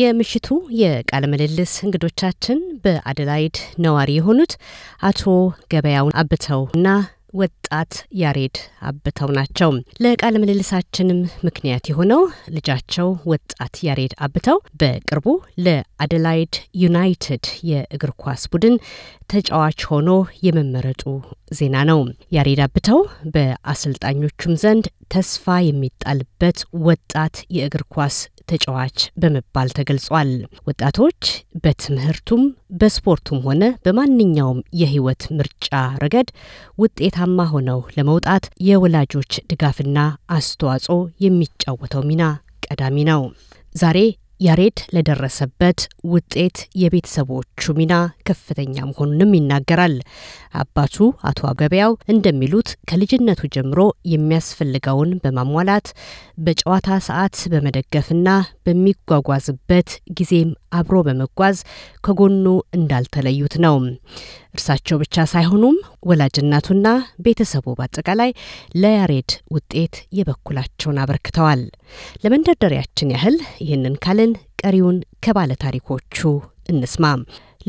የምሽቱ የቃለ ምልልስ እንግዶቻችን በአደላይድ ነዋሪ የሆኑት አቶ ገበያውን አብተው እና ወጣት ያሬድ አብተው ናቸው። ለቃለ ምልልሳችንም ምክንያት የሆነው ልጃቸው ወጣት ያሬድ አብተው በቅርቡ ለአደላይድ ዩናይትድ የእግር ኳስ ቡድን ተጫዋች ሆኖ የመመረጡ ዜና ነው። ያሬድ አብተው በአሰልጣኞቹም ዘንድ ተስፋ የሚጣልበት ወጣት የእግር ኳስ ተጫዋች በመባል ተገልጿል። ወጣቶች በትምህርቱም በስፖርቱም ሆነ በማንኛውም የህይወት ምርጫ ረገድ ውጤታማ ሆነው ለመውጣት የወላጆች ድጋፍና አስተዋጽኦ የሚጫወተው ሚና ቀዳሚ ነው። ዛሬ ያሬድ ለደረሰበት ውጤት የቤተሰቦቹ ሚና ከፍተኛ መሆኑንም ይናገራል። አባቱ አቶ ገበያው እንደሚሉት ከልጅነቱ ጀምሮ የሚያስፈልገውን በማሟላት በጨዋታ ሰዓት በመደገፍና በሚጓጓዝበት ጊዜም አብሮ በመጓዝ ከጎኑ እንዳልተለዩት ነው። እርሳቸው ብቻ ሳይሆኑም ወላጅናቱና ቤተሰቡ በአጠቃላይ ለያሬድ ውጤት የበኩላቸውን አበርክተዋል። ለመንደርደሪያችን ያህል ይህንን ካልን አሁን ቀሪውን ከባለ ታሪኮቹ እንስማ።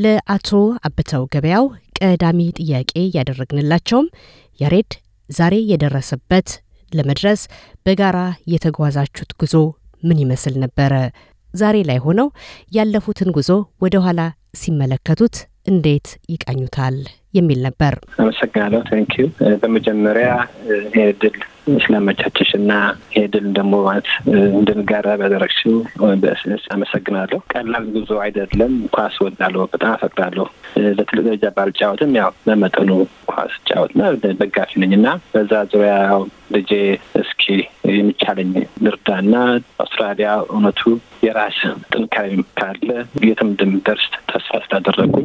ለአቶ አብተው ገበያው ቀዳሚ ጥያቄ ያደረግንላቸውም ያሬድ ዛሬ የደረሰበት ለመድረስ በጋራ የተጓዛችሁት ጉዞ ምን ይመስል ነበረ? ዛሬ ላይ ሆነው ያለፉትን ጉዞ ወደ ኋላ ሲመለከቱት እንዴት ይቃኙታል? የሚል ነበር። አመሰግናለሁ። ታንኪዩ። በመጀመሪያ ይህ እድል ስላመቻችሽ እና ሄድን ደግሞ ማለት እንድንጋራ ባደረግሽው በስስ አመሰግናለሁ። ቀላል ጉዞ አይደለም። ኳስ ወዳለሁ፣ በጣም አፈቅዳለሁ። ለትልቅ ደረጃ ባልጫወትም ያው በመጠኑ ኳስ ጫወት እና ደጋፊ ነኝ እና በዛ ዙሪያ ልጄ እስኪ የሚቻለኝ ልርዳና አውስትራሊያ እውነቱ የራስ ጥንካሬ ካለ የትም እንደምደርስ ተስፋ ስላደረጉ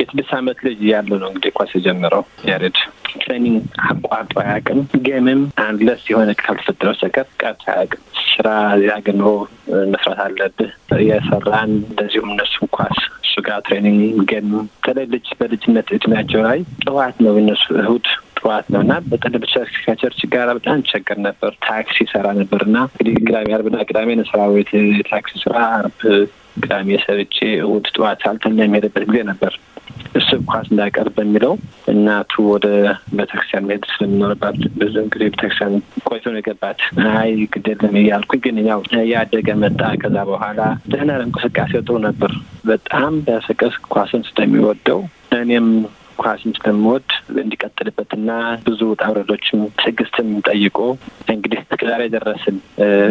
የስድስት አመት ልጅ ያለው ነው እንግዲህ ኳስ የጀመረው ያሬድ ትሬኒንግ አቋርጦ አያውቅም። ጌምም አንለስ የሆነ ካልተፈጠረ በስተቀር ቀርቶ አያውቅም። ስራ ያገኖ መስራት አለብህ የሰራን እንደዚሁም እነሱ ኳስ ሌላ ትሬኒንግ ግን በተለይ ልጅ በልጅነት እድሜያቸው ላይ ጠዋት ነው እነሱ እሁድ ጠዋት ነው እና በጠን ብቻ ከቸርች ጋር በጣም ቸገር ነበር። ታክሲ ሰራ ነበር እና እንግዲህ ቅዳሜ አርብና ቅዳሜ ነስራ ስራ ታክሲ ስራ፣ አርብ ቅዳሜ ሰርቼ እሁድ ጠዋት ሳልተኛ የሚሄደበት ጊዜ ነበር። እሱ ኳስ እንዳይቀር በሚለው እናቱ ወደ ቤተክርስቲያን መሄድ ስለሚኖርባት በዚም ጊዜ ቤተክርስቲያን ቆይቶ ነው የገባት። አይ ግደለም እያልኩ ግን ያው ያደገ መጣ። ከዛ በኋላ ደህና እንቅስቃሴ ጥሩ ነበር። በጣም ቢያሰቀስ ኳስን ስለሚወደው እኔም ኳስም ስለምወድ እንዲቀጥልበትና ብዙ ውጣ ውረዶችም ትዕግስትም ጠይቆ እንግዲህ እስከዛሬ ደረስን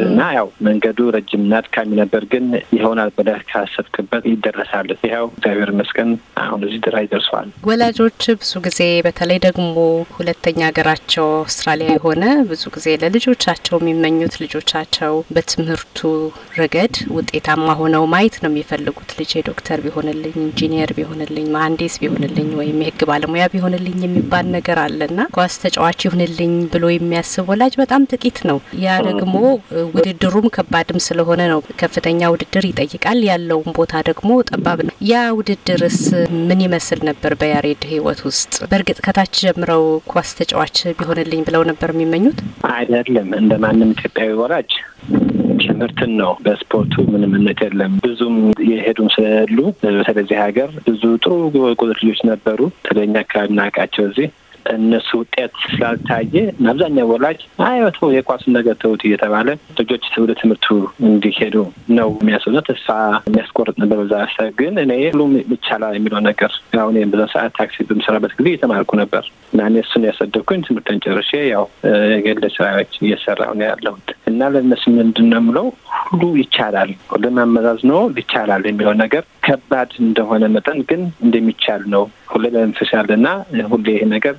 እና ያው መንገዱ ረጅምና አድካሚ ነበር፣ ግን ይሆናል ብለህ ካሰብክበት ይደረሳል። ይኸው እግዚአብሔር ይመስገን አሁን እዚህ ድራ ደርሰዋል። ወላጆች ብዙ ጊዜ በተለይ ደግሞ ሁለተኛ ሀገራቸው አውስትራሊያ የሆነ ብዙ ጊዜ ለልጆቻቸው የሚመኙት ልጆቻቸው በትምህርቱ ረገድ ውጤታማ ሆነው ማየት ነው የሚፈልጉት። ልጄ ዶክተር ቢሆንልኝ፣ ኢንጂኒየር ቢሆንልኝ፣ መሀንዲስ ቢሆንልኝ ወይም የህግ ባለሙያ ቢሆንልኝ የሚባል ነገር አለና ኳስ ተጫዋች ይሁንልኝ ብሎ የሚያስብ ወላጅ በጣም ጥቂት ነው። ያ ደግሞ ውድድሩም ከባድም ስለሆነ ነው። ከፍተኛ ውድድር ይጠይቃል። ያለውን ቦታ ደግሞ ጠባብ ነው። ያ ውድድርስ ምን ይመስል ነበር በያሬድ ህይወት ውስጥ? በእርግጥ ከታች ጀምረው ኳስ ተጫዋች ቢሆንልኝ ብለው ነበር የሚመኙት አይደለም እንደ ማንም ኢትዮጵያዊ ወላጅ ትምህርትን ነው። በስፖርቱ ምንምነት የለም። ብዙም የሄዱም ስለሌሉ ስለዚህ ሀገር ብዙ ጥሩ ቁጥር ልጆች ነበሩ። ስለኛ አካባቢ ናቃቸው እዚህ እነሱ ውጤት ስላልታየ አብዛኛው ወላጅ አይወቶ የኳሱን ነገር ተውት እየተባለ ልጆች ወደ ትምህርቱ እንዲሄዱ ነው የሚያስወዛ ተስፋ የሚያስቆርጥ ነበር። በዛ ሰ ግን እኔ ሁሉም ይቻላል የሚለው ነገር አሁን በዛ ሰዓት ታክሲ በምሰራበት ጊዜ እየተማርኩ ነበር እና እኔ እሱን ያሰደኩኝ ትምህርትን ጨርሼ ያው የግል ስራዎች እየሰራሁ ነው ያለሁት እና ለእነሱ ምንድን ነው የምለው ሁሉ ይቻላል ለማመዛዝ ነው ይቻላል የሚለው ነገር ከባድ እንደሆነ መጠን ግን እንደሚቻል ነው ሁሌ በመንፈሻል ያለና ሁሌ ይሄ ነገር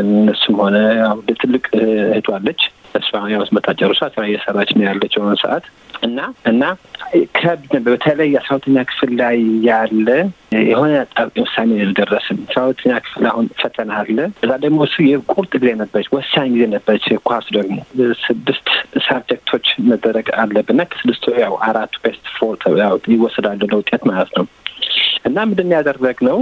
እነሱም ሆነ ትልቅ እህቷለች እሷ ያውስ መጣ ስራ እየሰራች ነው ያለች አሁን ሰዓት እና እና ከብድ ነበር። በተለይ አስራ ሁለተኛ ክፍል ላይ ያለ የሆነ ጣብቅ ውሳኔ ያልደረስን አስራ ሁለተኛ ክፍል አሁን ፈተና አለ። እዛ ደግሞ እሱ የቁርጥ ጊዜ ነበረች፣ ወሳኝ ጊዜ ነበረች። ኳስ ደግሞ ስድስት ሳብጀክቶች መደረግ አለብና ከስድስቱ ያው አራቱ ቤስት ፎር ይወሰዳሉ ለውጤት ማለት ነው እና ምንድን ያደረግ ነው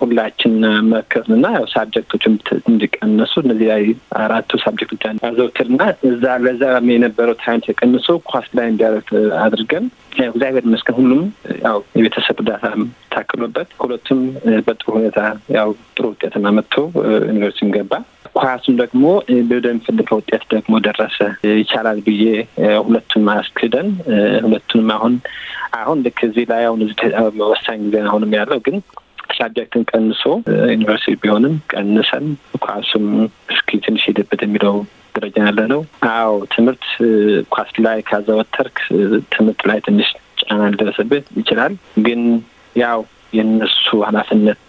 ሁላችን መከርንና ያው ሳብጀክቶችም እንዲቀንሱ እነዚህ ላይ አራቱ ሳብጀክቶች አዘውትርና እዛ ለዛ የነበረው ታይም ተቀንሶ ኳስ ላይ እንዲያደርግ አድርገን እግዚአብሔር ይመስገን ሁሉም ያው የቤተሰብ እርዳታ ታክሎበት ሁለቱም በጥሩ ሁኔታ ያው ጥሩ ውጤትና መጥቶ ዩኒቨርሲቲም ገባ። ኳሱም ደግሞ ወደሚፈልገው ውጤት ደግሞ ደረሰ። ይቻላል ብዬ ሁለቱንም አስክደን ሁለቱንም አሁን አሁን ልክ እዚህ ላይ አሁን ወሳኝ ጊዜ አሁንም ያለው ግን ሳብጀክትን ቀንሶ ዩኒቨርሲቲ ቢሆንም ቀንሰን ኳሱም እስኪ ትንሽ ሄደበት የሚለው ደረጃ ያለ ነው። አዎ ትምህርት ኳስ ላይ ካዘወተርክ ትምህርት ላይ ትንሽ ጫና ሊደረስብህ ይችላል ግን ያው የእነሱ ኃላፊነት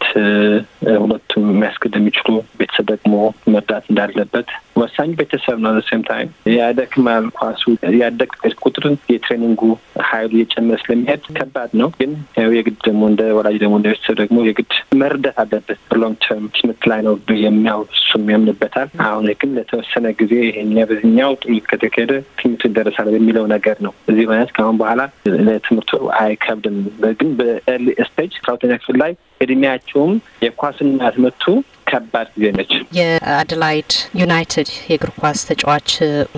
ሁለቱ የሚያስገድ የሚችሉ ቤተሰብ ደግሞ መርዳት እንዳለበት ወሳኝ ቤተሰብ ነው። ሴም ታይም ያደክማል። ኳሱ ያደቅ ቁጥርን የትሬኒንጉ ሀይሉ እየጨመረ ስለሚሄድ ከባድ ነው። ግን የግድ ደግሞ እንደ ወላጅ ደግሞ እንደ ቤተሰብ ደግሞ የግድ መርዳት አለበት። ሎንግ ተርም ትምህርት ላይ ነው የሚያው እሱም ያምንበታል። አሁን ግን ለተወሰነ ጊዜ ይሄኛ በዚህኛው ጥሩ ከተካሄደ ትምህርቱ ይደረሳል የሚለው ነገር ነው። እዚህ ማለት ከአሁን በኋላ ለትምህርቱ አይከብድም። ግን በኤርሊ ስቴጅ አራተኛ ክፍል ላይ እድሜያቸውም የኳስና ትምህርቱ ከባድ ጊዜ ነች። የአደላይድ ዩናይትድ የእግር ኳስ ተጫዋች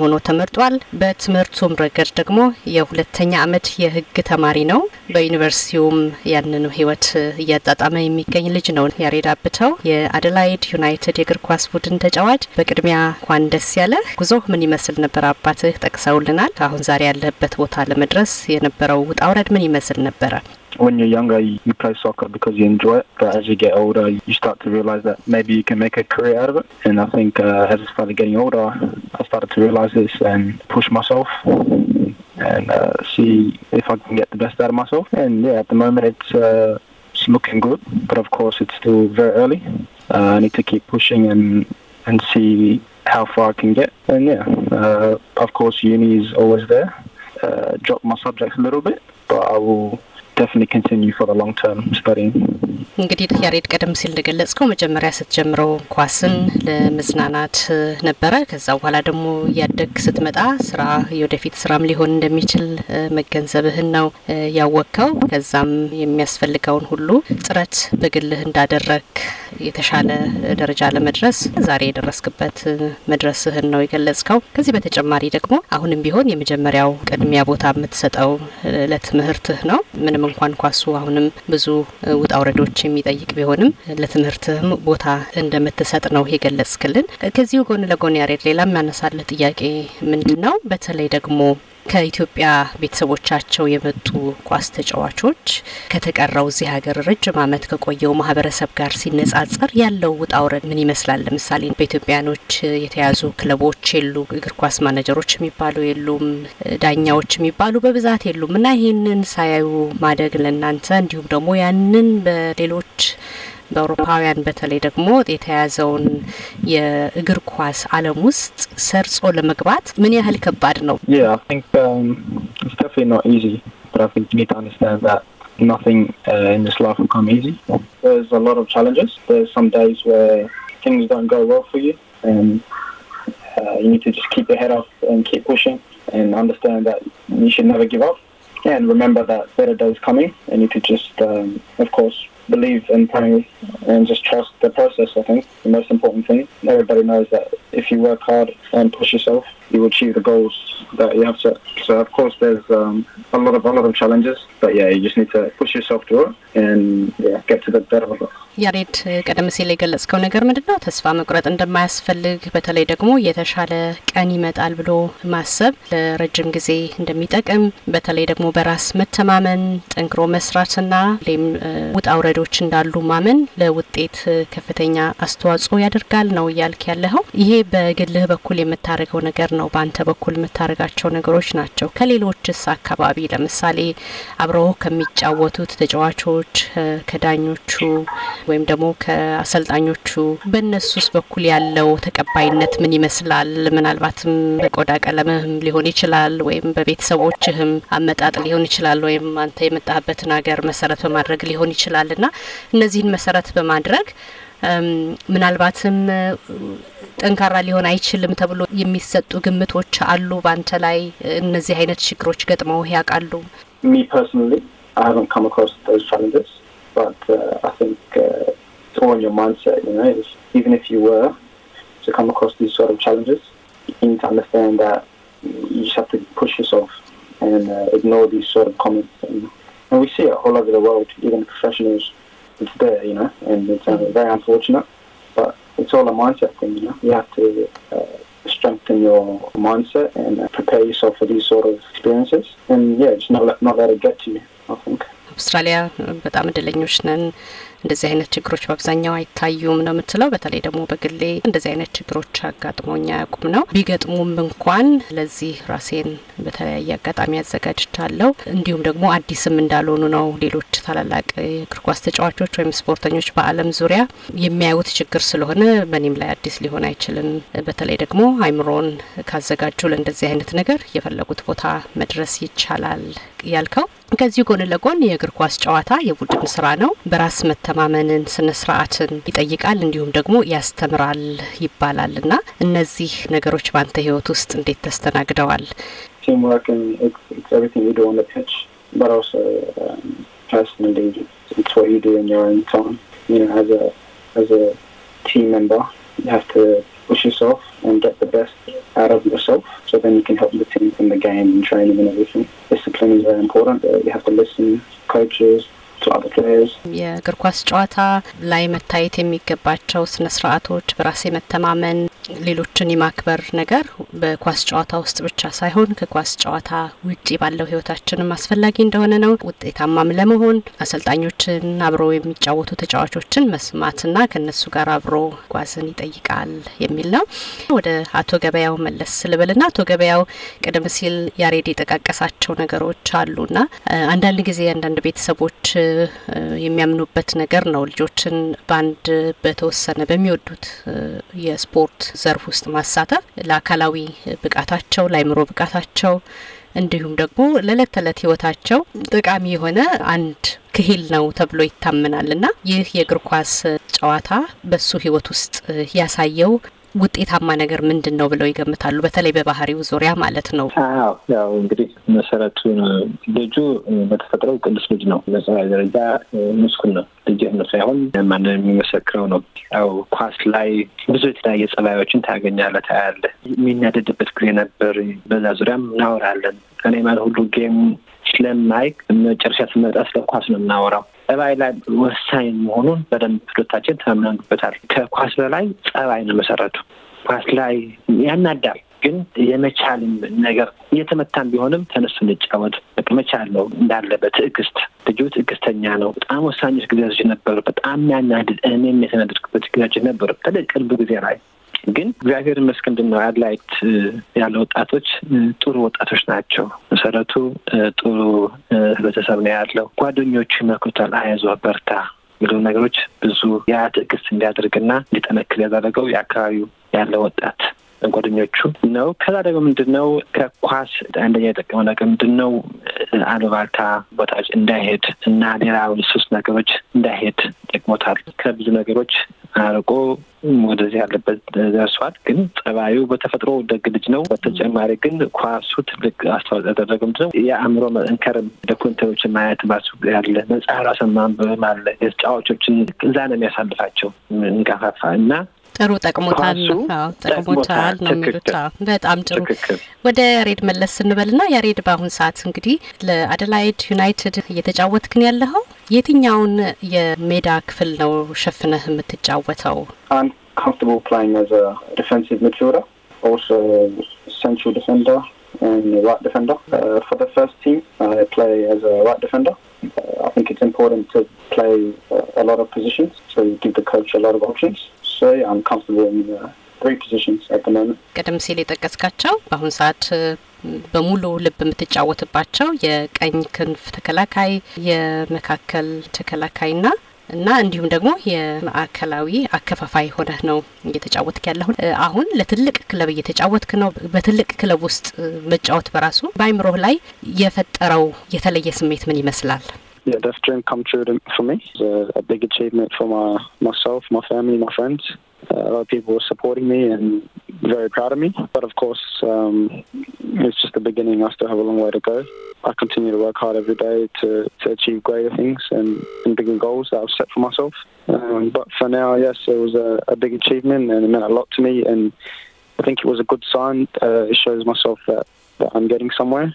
ሆኖ ተመርጧል። በትምህርቱም ረገድ ደግሞ የሁለተኛ ዓመት የህግ ተማሪ ነው። በዩኒቨርሲቲውም ያንኑ ህይወት እያጣጣመ የሚገኝ ልጅ ነው። ያሬድ አብተው የአደላይድ ዩናይትድ የእግር ኳስ ቡድን ተጫዋች፣ በቅድሚያ እንኳን ደስ ያለ። ጉዞ ምን ይመስል ነበር? አባትህ ጠቅሰውልናል። አሁን ዛሬ ያለበት ቦታ ለመድረስ የነበረው ውጣ ውረድ ምን ይመስል ነበረ? when you're younger, you, you, play soccer because you enjoy it. But as you get older, you start to realize that maybe you can make a career out of it. And I think uh, as I started getting older, I started to realize this and push myself and uh, see if I can get the best out of myself. And yeah, at the moment, it's, uh, it's looking good. But of course, it's still very early. Uh, I need to keep pushing and, and see how far I can get. And yeah, uh, of course, uni is always there. Uh, drop my subjects a little bit, but I will definitely continue for the long term studying። እንግዲህ ያሬድ ቀደም ሲል እንደገለጽከው መጀመሪያ ስትጀምረው ኳስን ለመዝናናት ነበረ። ከዛ በኋላ ደግሞ እያደግ ስትመጣ ስራ የወደፊት ስራም ሊሆን እንደሚችል መገንዘብህን ነው ያወቅከው። ከዛም የሚያስፈልገውን ሁሉ ጥረት በግልህ እንዳደረግ የተሻለ ደረጃ ለመድረስ ዛሬ የደረስክበት መድረስህን ነው የገለጽከው። ከዚህ በተጨማሪ ደግሞ አሁንም ቢሆን የመጀመሪያው ቅድሚያ ቦታ የምትሰጠው ለትምህርትህ ነው ምንም እንኳን ኳሱ አሁንም ብዙ ውጣ ውረዶች የሚጠይቅ ቢሆንም ለትምህርትም ቦታ እንደምትሰጥ ነው የገለጽክልን። ከዚሁ ጎን ለጎን ያሬድ ሌላ የሚያነሳለ ጥያቄ ምንድን ነው? በተለይ ደግሞ ከኢትዮጵያ ቤተሰቦቻቸው የመጡ ኳስ ተጫዋቾች ከተቀረው እዚህ ሀገር ረጅም ዓመት ከቆየው ማህበረሰብ ጋር ሲነጻጸር ያለው ውጣ ምን ይመስላል? ለምሳሌ በኢትዮጵያኖች የተያዙ ክለቦች የሉ እግር ኳስ ማናጀሮች የሚባሉ የሉም፣ ዳኛዎች የሚባሉ በብዛት የሉም እና ይህንን ሳያዩ ማደግ ለእናንተ እንዲሁም ደግሞ ያንን በሌሎች በአውሮፓውያን በተለይ ደግሞ የተያዘውን የእግር ኳስ ዓለም ውስጥ ሰርጾ ለመግባት ምን ያህል ከባድ ነው? Um, nothing uh, in this life will come easy. There's a lot of challenges. There's some days where things don't go well for you, and uh, you need to just keep your head up and keep pushing and understand that you should never give up and remember that better days coming, and you could just, um, of course, believe and pray and just trust the process. I think the most important thing. Everybody knows that if you work hard and push yourself, you achieve the goals that you have set. So of course, there's um, a lot of a lot of challenges, but yeah, you just need to push yourself through it and yeah, get to the better of it. ያሬድ ቀደም ሲል የገለጽከው ነገር ምንድን ነው? ተስፋ መቁረጥ እንደማያስፈልግ በተለይ ደግሞ የተሻለ ቀን ይመጣል ብሎ ማሰብ ለረጅም ጊዜ እንደሚጠቅም በተለይ ደግሞ በራስ መተማመን፣ ጠንክሮ መስራትና ሌም ውጣ ውረዶች እንዳሉ ማመን ለውጤት ከፍተኛ አስተዋጽኦ ያደርጋል ነው እያልክ ያለኸው። ይሄ በግልህ በኩል የምታደርገው ነገር ነው በአንተ በኩል የምታደርጋቸው ነገሮች ናቸው? ከሌሎችስ አካባቢ ለምሳሌ አብረው ከሚጫወቱት ተጫዋቾች፣ ከዳኞቹ ወይም ደግሞ ከአሰልጣኞቹ በእነሱስ በኩል ያለው ተቀባይነት ምን ይመስላል? ምናልባትም በቆዳ ቀለምህም ሊሆን ይችላል ወይም በቤተሰቦችህም አመጣጥ ሊሆን ይችላል ወይም አንተ የመጣህበትን ሀገር መሰረት በማድረግ ሊሆን ይችላል እና እነዚህን መሰረት በማድረግ ምናልባትም ጠንካራ ሊሆን አይችልም ተብሎ የሚሰጡ ግምቶች አሉ። በአንተ ላይ እነዚህ አይነት ችግሮች ገጥመው ያውቃሉ? ሚ it's there, you know, and it's uh, very unfortunate, but it's all a mindset thing, you know. You have to uh, strengthen your mindset and uh, prepare yourself for these sort of experiences, and yeah, just not let, not let it get to you. I think Australia, uh, but I'm a እንደዚህ አይነት ችግሮች በአብዛኛው አይታዩም ነው የምትለው። በተለይ ደግሞ በግሌ እንደዚህ አይነት ችግሮች አጋጥሞኝ አያውቁም ነው። ቢገጥሙም እንኳን ለዚህ ራሴን በተለያየ አጋጣሚ አዘጋጅቻለሁ። እንዲሁም ደግሞ አዲስም እንዳልሆኑ ነው ሌሎች ታላላቅ የእግር ኳስ ተጫዋቾች ወይም ስፖርተኞች በዓለም ዙሪያ የሚያዩት ችግር ስለሆነ በእኔም ላይ አዲስ ሊሆን አይችልም። በተለይ ደግሞ አይምሮን ካዘጋጁ ለእንደዚህ አይነት ነገር የፈለጉት ቦታ መድረስ ይቻላል ያልከው ከዚህ ጎን ለጎን የእግር ኳስ ጨዋታ የቡድን ስራ ነው። በራስ መተማመንን፣ ስነ ስርዓትን ይጠይቃል እንዲሁም ደግሞ ያስተምራል ይባላል እና እነዚህ ነገሮች በአንተ ህይወት ውስጥ እንዴት ተስተናግደዋል? ቲም push yourself and get the best out of yourself so then you can help the team from the game and training and everything. Discipline is very important. You have to listen, coaches, የእግር ኳስ ጨዋታ ላይ መታየት የሚገባቸው ስነ ስርዓቶች፣ በራስ የመተማመን ሌሎችን የማክበር ነገር በኳስ ጨዋታ ውስጥ ብቻ ሳይሆን ከኳስ ጨዋታ ውጪ ባለው ህይወታችንም አስፈላጊ እንደሆነ ነው። ውጤታማም ለመሆን አሰልጣኞችን፣ አብሮ የሚጫወቱ ተጫዋቾችን መስማትና ከነሱ ጋር አብሮ ጓዝን ይጠይቃል የሚል ነው። ወደ አቶ ገበያው መለስ ስልበልና አቶ ገበያው ቀደም ሲል ያሬድ የጠቃቀሳቸው ነገሮች አሉና አንዳንድ ጊዜ አንዳንድ ቤተሰቦች የሚያምኑበት ነገር ነው ልጆችን በአንድ በተወሰነ በሚወዱት የስፖርት ዘርፍ ውስጥ ማሳተፍ ለአካላዊ ብቃታቸው፣ ለአይምሮ ብቃታቸው እንዲሁም ደግሞ ለእለት ተዕለት ህይወታቸው ጠቃሚ የሆነ አንድ ክሂል ነው ተብሎ ይታመናል እና ይህ የእግር ኳስ ጨዋታ በሱ ህይወት ውስጥ ያሳየው ውጤታማ ነገር ምንድን ነው ብለው ይገምታሉ? በተለይ በባህሪው ዙሪያ ማለት ነው። ያው እንግዲህ መሰረቱን ልጁ በተፈጥረው ቅዱስ ልጅ ነው። መጽሐፍ ደረጃ ምስኩን ነው። ልጅህም ሳይሆን ማንም የሚመሰክረው ነው። ያው ኳስ ላይ ብዙ የተለያየ ጸባዮችን ታገኛለህ፣ ታያለህ። የሚናደድበት ጊዜ ነበር። በዛ ዙሪያም እናወራለን። እኔ ማለት ሁሉ ጌም ስለማይክ መጨረሻ ስመጣ ስለ ኳስ ነው የምናወራው ጸባይ ላይ ወሳኝ መሆኑን በደንብ ሁለታችን ተምነንበታል። ከኳስ በላይ ጸባይ ነው መሰረቱ። ኳስ ላይ ያናዳል ግን የመቻልም ነገር እየተመታን ቢሆንም ተነሱ እንጫወት መቻል ነው እንዳለ በትዕግስት ልጁ ትዕግስተኛ ነው። በጣም ወሳኝ ጊዜያቶች ነበሩ። በጣም ያናድድ እኔም የተናደድኩበት ጊዜያቶች ነበሩ። በተለይ ቅርብ ጊዜ ላይ ግን እግዚአብሔር ይመስገን ነው አድላይት ያለ ወጣቶች ጥሩ ወጣቶች ናቸው። መሰረቱ ጥሩ ህብረተሰብ ነው ያለው። ጓደኞቹ ይመክሩታል፣ አይዞህ በርታ የሚሉ ነገሮች ብዙ ያ ትዕግስት እንዲያደርግና እንዲጠነክል ያደረገው የአካባቢው ያለ ወጣት ጓደኞቹ ነው። ከዛ ደግሞ ምንድን ነው ከኳስ አንደኛ የጠቀመው ነገር ምንድን ነው አሉባልታ ቦታዎች እንዳይሄድ እና ሌላ ሱስ ነገሮች እንዳይሄድ ጠቅሞታል። ከብዙ ነገሮች አርቆ ወደዚህ ያለበት ደርሷል። ግን ጸባዩ በተፈጥሮ ደግ ልጅ ነው። በተጨማሪ ግን ኳሱ ትልቅ አስተዋጽኦ ያደረገ ምንድን ነው የአእምሮ መጠንከርም ዶኩመንተሪዎች ማየት ባሱ ያለ መጽሐፍ ራስን ማንበብም አለ። የተጫዋቾችን እዛ ነው የሚያሳልፋቸው እንጋፋፋ እና ጥሩ ጠቅሞታል፣ ጠቅሞታል ነው የሚሉት። በጣም ጥሩ። ወደ ሬድ መለስ ስንበልና የሬድ በአሁን ሰዓት እንግዲህ ለአደላይድ ዩናይትድ እየተጫወትክን ያለኸው የትኛውን የሜዳ ክፍል ነው ሸፍነህ የምትጫወተው? I think it's important to play uh, a lot of positions, so you give the coach a lot of options. Uh, ቀደም ሲል የጠቀስካቸው በአሁኑ ሰዓት በሙሉ ልብ የምትጫወትባቸው የቀኝ ክንፍ ተከላካይ፣ የመካከል ተከላካይና እና እንዲሁም ደግሞ የማዕከላዊ አከፋፋይ ሆነ ነው እየተጫወትክ ያለሁ። አሁን ለትልቅ ክለብ እየተጫወትክ ነው። በትልቅ ክለብ ውስጥ መጫወት በራሱ በአይምሮህ ላይ የፈጠረው የተለየ ስሜት ምን ይመስላል? yeah, that's dream come true to, for me. It's a, a, big achievement for my myself, my family, my friends. Uh, a lot of people were supporting me and very proud of me. But of course, um, it's just the beginning. I still have a long way to go. I continue to work hard every day to, to achieve greater things and, and bigger goals that I've set for myself. Um, but for now, yes, it was a, a big achievement and it meant a lot to me. And I think it was a good sign. Uh, it shows myself that, that I'm getting somewhere.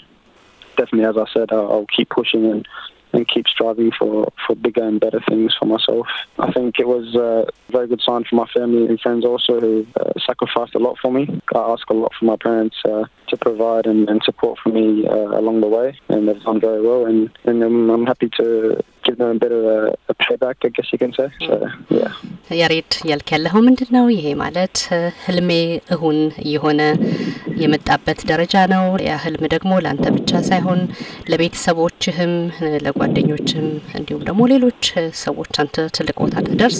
Definitely, as I said, I'll, I'll keep pushing and and keep striving for, for bigger and better things for myself. I think it was a very good sign for my family and friends also who uh, sacrificed a lot for me. I ask a lot from my parents. Uh, to provide and, and support for me uh, along the way, and they've done very well. And, and I'm, I'm happy to give them a bit of a, a payback, I guess you can say. So, yeah. ያሬድ ምንድን ነው? ይሄ ማለት uh, ህልሜ እሁን የሆነ የመጣበት ደረጃ ነው። ያ ህልም ደግሞ ለአንተ ብቻ ሳይሆን ለቤተሰቦችህም፣ እንዲሁም ደግሞ ሌሎች ሰዎች አንተ ትልቅ ቦታ ደርስ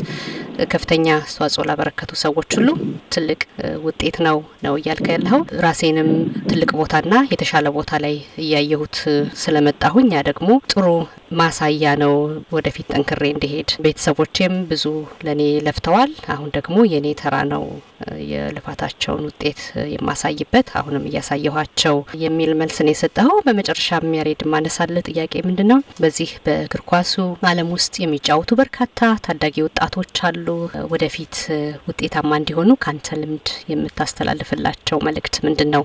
ከፍተኛ አስተዋጽኦ ላበረከቱ ሰዎች ሁሉ ትልቅ ውጤት ነው ነው እያልከ ያለኸው። ራሴንም ትልቅ ቦታና የተሻለ ቦታ ላይ እያየሁት ስለመጣሁኝ ያ ደግሞ ጥሩ ማሳያ ነው። ወደፊት ጠንክሬ እንዲሄድ ቤተሰቦቼም ብዙ ለእኔ ለፍተዋል። አሁን ደግሞ የእኔ ተራ ነው የልፋታቸውን ውጤት የማሳይበት አሁንም እያሳየኋቸው የሚል ነው የሰጠው። በመጨረሻ የሚያሬድ ማነሳለ ጥያቄ ምንድን ነው? በዚህ በእግር ኳሱ ዓለም ውስጥ የሚጫወቱ በርካታ ታዳጊ ወጣቶች አሉ። ወደፊት ውጤታማ እንዲሆኑ ከአንተ ልምድ የምታስተላልፍላቸው መልእክት ምንድን ነው?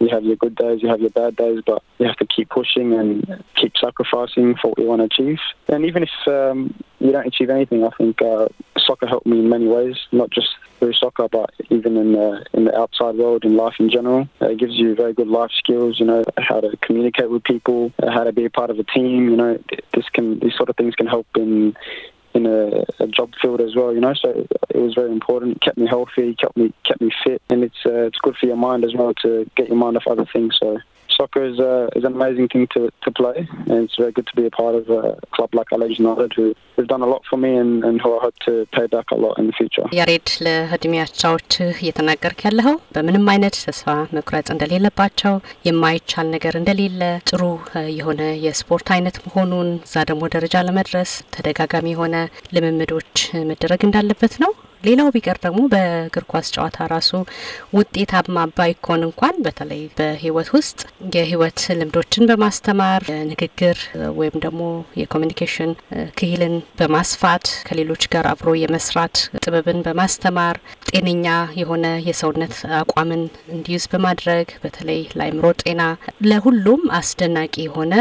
you have your good days, you have your bad days, but you have to keep pushing and keep sacrificing for what you want to achieve. And even if um, you don't achieve anything, I think uh, soccer helped me in many ways, not just through soccer, but even in the in the outside world, in life in general. it gives you very good life skills. You know how to communicate with people, how to be a part of a team. You know this can these sort of things can help in in a, a, job field as well, you know. So it was very important. It kept me healthy, kept me kept me fit, and it's uh, it's good for your mind as well to get your mind off other things. So soccer is, uh, is an amazing thing to, to play, and it's very good to be a part of a club like Leeds United, who has done a lot for me and, and who I hope to pay back a lot in the future. ያሬድ ለእድሜ አቻዎችህ እየተናገርክ ያለኸው በምንም አይነት ተስፋ መቁረጥ እንደሌለባቸው፣ የማይቻል ነገር እንደሌለ፣ ጥሩ የሆነ የስፖርት አይነት መሆኑን እዛ ደግሞ ደረጃ ለመድረስ ተደጋጋሚ የሆነ ልምምዶች መደረግ እንዳለበት ነው። ሌላው ቢቀር ደግሞ በእግር ኳስ ጨዋታ ራሱ ውጤታማ ባይኮን እንኳን በተለይ በህይወት ውስጥ የህይወት ልምዶችን በማስተማር ንግግር ወይም ደግሞ የኮሚኒኬሽን ክሂልን በማስፋት ከሌሎች ጋር አብሮ የመስራት ጥበብን በማስተማር ጤነኛ የሆነ የሰውነት አቋምን እንዲይዝ በማድረግ በተለይ ለአይምሮ ጤና ለሁሉም አስደናቂ የሆነ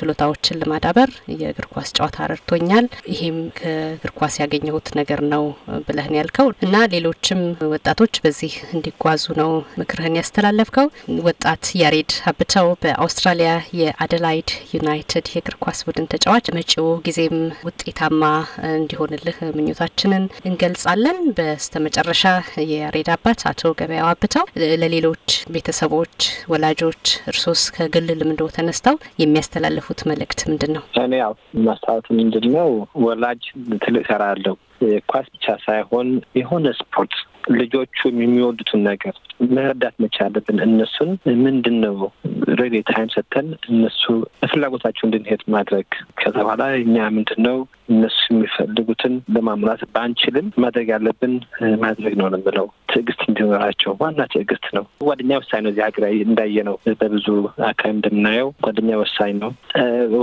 ችሎታዎችን ለማዳበር የእግር ኳስ ጨዋታ ረድቶኛል። ይሄም ከእግር ኳስ ያገኘሁት ነገር ነው ብለህ ነው ያልከው እና ሌሎችም ወጣቶች በዚህ እንዲጓዙ ነው ምክርህን ያስተላለፍከው። ወጣት ያሬድ አብተው በአውስትራሊያ የአደላይድ ዩናይትድ የእግር ኳስ ቡድን ተጫዋች፣ መጪው ጊዜም ውጤታማ እንዲሆንልህ ምኞታችንን እንገልጻለን። በስተመጨረሻ የያሬድ አባት አቶ ገበያው አብተው ለሌሎች ቤተሰቦች፣ ወላጆች እርሶስ ከግል ልምዶ ተነስተው የሚያስተላልፉት መልእክት ምንድን ነው? እኔ ያው ማስታወቱ ምንድን ነው ወላጅ ትልቅ ሰራ ያለው ኳስ ብቻ ሳይሆን የሆነ ስፖርት ልጆቹ የሚወዱትን ነገር መረዳት መቻል አለብን። እነሱን ምንድን ነው ሬዲ ታይም ሰጥተን እነሱ በፍላጎታቸው እንድንሄድ ማድረግ። ከዛ በኋላ እኛ ምንድን ነው እነሱ የሚፈልጉትን ለማሙላት ባንችልም ማድረግ ያለብን ማድረግ ነው የምለው። ትዕግስት እንዲኖራቸው ዋና ትዕግስት ነው። ጓደኛ ወሳኝ ነው። እዚህ ሀገር እንዳየ ነው፣ በብዙ አካባቢ እንደምናየው ጓደኛ ወሳኝ ነው።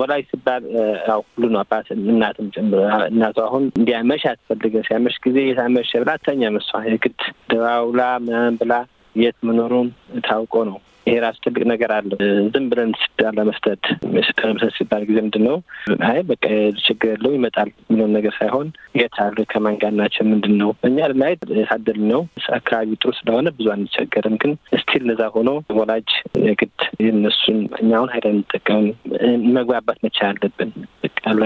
ወላጅ ሲባል ያው ሁሉ ነው፣ አባት እናትም ጭምር። እናቱ አሁን እንዲያመሽ አትፈልግም። ሲያመሽ ጊዜ የታመሸ ብላ ተኛ መሷ የግድ ደባውላ ምናምን ብላ የት መኖሩን ታውቆ ነው ይሄ ራሱ ትልቅ ነገር አለው። ዝም ብለን ስዳር ለመስጠት ስልጣን ለመስጠት ሲባል ጊዜ ምንድን ነው አይ በቃ ችግር የለውም ይመጣል የሚለውን ነገር ሳይሆን የት አሉ፣ ከማን ጋር ናቸው፣ ምንድን ነው እኛ ላይ ሳደል ነው አካባቢ ጥሩ ስለሆነ ብዙ አንቸገርም። ግን ስቲል ነዛ ሆኖ ወላጅ የግድ የነሱን እኛ አሁን ሀይል እንጠቀም መግባባት መቻል አለብን። ቃሉ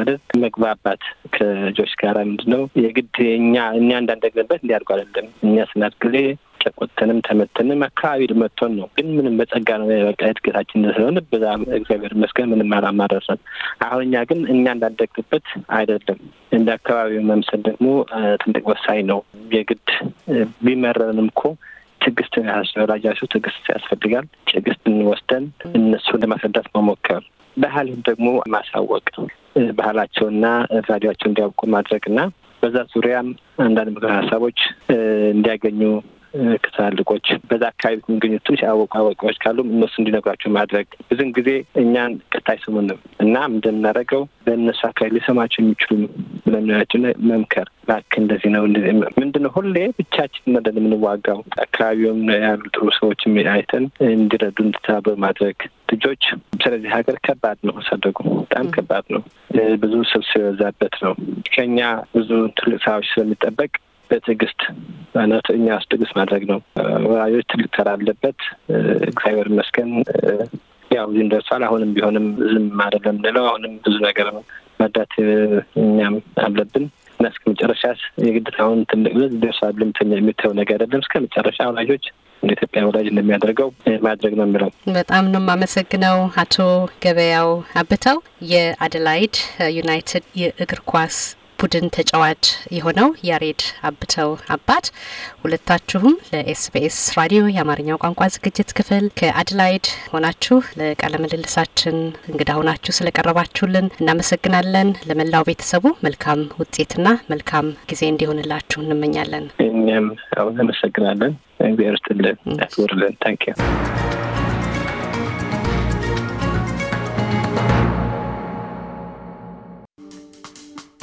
መግባባት ከልጆች ጋር ምንድን ነው የግድ እኛ እኛ እንዳንደግንበት እንዲያድጉ አይደለም እኛ ስናድግሌ ተቆጥተንም ተመተንም አካባቢ መጥቶን ነው። ግን ምንም በጸጋ ነው በቃ እድገታችን ስለሆነ በዛ እግዚአብሔር ይመስገን ምንም አላማረሰም። አሁን እኛ ግን እኛ እንዳደግንበት አይደለም። እንደ አካባቢው መምሰል ደግሞ ትልቅ ወሳኝ ነው። የግድ ቢመረንም እኮ ትዕግስት ያስፈላጃሱ ትዕግስት ያስፈልጋል። ትዕግስትን እንወስደን እነሱን ለማስረዳት መሞከር፣ ባህልን ደግሞ ማሳወቅ፣ ባህላቸውና ቫሊያቸው እንዲያውቁ ማድረግና በዛ ዙሪያም አንዳንድ ምክር ሀሳቦች እንዲያገኙ ከትላልቆች በዛ አካባቢ የሚገኙ ትንሽ ያወቁ አዋቂዎች ካሉም እነሱ እንዲነግሯቸው ማድረግ ብዙን ጊዜ እኛን ቅርታ አይሰሙንም እና እንደምናደርገው በእነሱ አካባቢ ሊሰማቸው የሚችሉ ለምናያቸው መምከር ላክ እንደዚህ ነው ምንድነው ሁሌ ብቻችን መደን የምንዋጋው አካባቢውም ያሉ ጥሩ ሰዎች አይተን እንዲረዱ እንድተባበሩ ማድረግ ልጆች ስለዚህ ሀገር ከባድ ነው ሳደጉ በጣም ከባድ ነው ብዙ ስብስብ የበዛበት ነው ከኛ ብዙ ትልቅ ስራዎች ስለሚጠበቅ በትዕግስት ማለት እኛ ውስጥ ትዕግስት ማድረግ ነው። ወላጆች ትልቅ ተራ አለበት። እግዚአብሔር ይመስገን ያው እዚህ ደርሷል። አሁንም ቢሆንም ዝም አይደለም የምንለው አሁንም ብዙ ነገር መርዳት እኛም አለብን እና እስከ መጨረሻ የግድ አሁን ትልቅ ብለህ ደርሷል ብለህ የሚተው ነገር አይደለም። እስከ መጨረሻ ወላጆች እንደ ኢትዮጵያ ወላጅ እንደሚያደርገው ማድረግ ነው የሚለው። በጣም ነው የማመሰግነው አቶ ገበያው አብተው የአደላይድ ዩናይትድ የእግር ኳስ ቡድን ተጫዋች የሆነው ያሬድ አብተው አባት ሁለታችሁም ለኤስቢኤስ ራዲዮ የአማርኛው ቋንቋ ዝግጅት ክፍል ከአድላይድ ሆናችሁ ለቃለ ምልልሳችን እንግዳ ሆናችሁ ስለቀረባችሁልን እናመሰግናለን። ለመላው ቤተሰቡ መልካም ውጤትና መልካም ጊዜ እንዲሆንላችሁ እንመኛለን። እኛም እናመሰግናለን። እግዚአብሔር ይስጥልን። ዩ።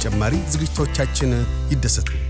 ተጨማሪ ዝግጅቶቻችን ይደሰቱ።